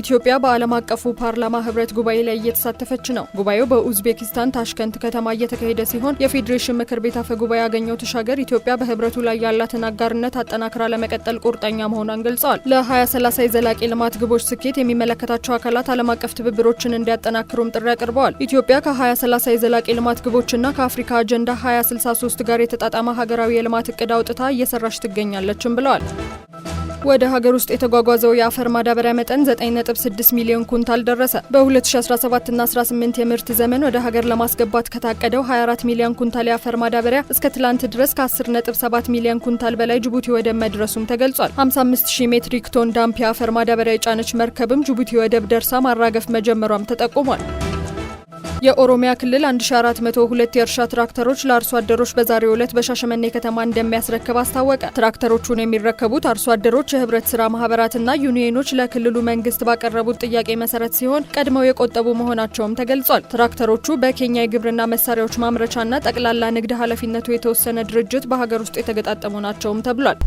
ኢትዮጵያ በዓለም አቀፉ ፓርላማ ህብረት ጉባኤ ላይ እየተሳተፈች ነው። ጉባኤው በኡዝቤኪስታን ታሽከንት ከተማ እየተካሄደ ሲሆን የፌዴሬሽን ምክር ቤት አፈ ጉባኤ ያገኘው ተሻገር ኢትዮጵያ በህብረቱ ላይ ያላትን አጋርነት አጠናክራ ለመቀጠል ቁርጠኛ መሆኗን ገልጸዋል። ለ2030 የዘላቂ ልማት ግቦች ስኬት የሚመለከታቸው አካላት ዓለም አቀፍ ትብብሮችን እንዲያጠናክሩም ጥሪ አቅርበዋል። ኢትዮጵያ ከ2030 የዘላቂ ልማት ግቦችና ከአፍሪካ አጀንዳ 2063 ጋር የተጣጣመ ሀገራዊ የልማት እቅድ አውጥታ እየሰራች ትገኛለችም ብለዋል። ወደ ሀገር ውስጥ የተጓጓዘው የአፈር ማዳበሪያ መጠን 9.6 ሚሊዮን ኩንታል ደረሰ። በ2017ና 18 የምርት ዘመን ወደ ሀገር ለማስገባት ከታቀደው 24 ሚሊዮን ኩንታል የአፈር ማዳበሪያ እስከ ትላንት ድረስ ከ10.7 ሚሊዮን ኩንታል በላይ ጅቡቲ ወደብ መድረሱም ተገልጿል። 55000 ሜትሪክ ቶን ዳምፕ የአፈር ማዳበሪያ የጫነች መርከብም ጅቡቲ ወደብ ደርሳ ማራገፍ መጀመሯም ተጠቁሟል። የኦሮሚያ ክልል 1402 የእርሻ ትራክተሮች ለአርሶ አደሮች በዛሬው ዕለት በሻሸመኔ ከተማ እንደሚያስረክብ አስታወቀ። ትራክተሮቹን የሚረከቡት አርሶ አደሮች የህብረት ስራ ማህበራትና ዩኒየኖች ለክልሉ መንግስት ባቀረቡት ጥያቄ መሰረት ሲሆን ቀድመው የቆጠቡ መሆናቸውም ተገልጿል። ትራክተሮቹ በኬንያ የግብርና መሳሪያዎች ማምረቻና ጠቅላላ ንግድ ኃላፊነቱ የተወሰነ ድርጅት በሀገር ውስጥ የተገጣጠሙ ናቸውም ተብሏል።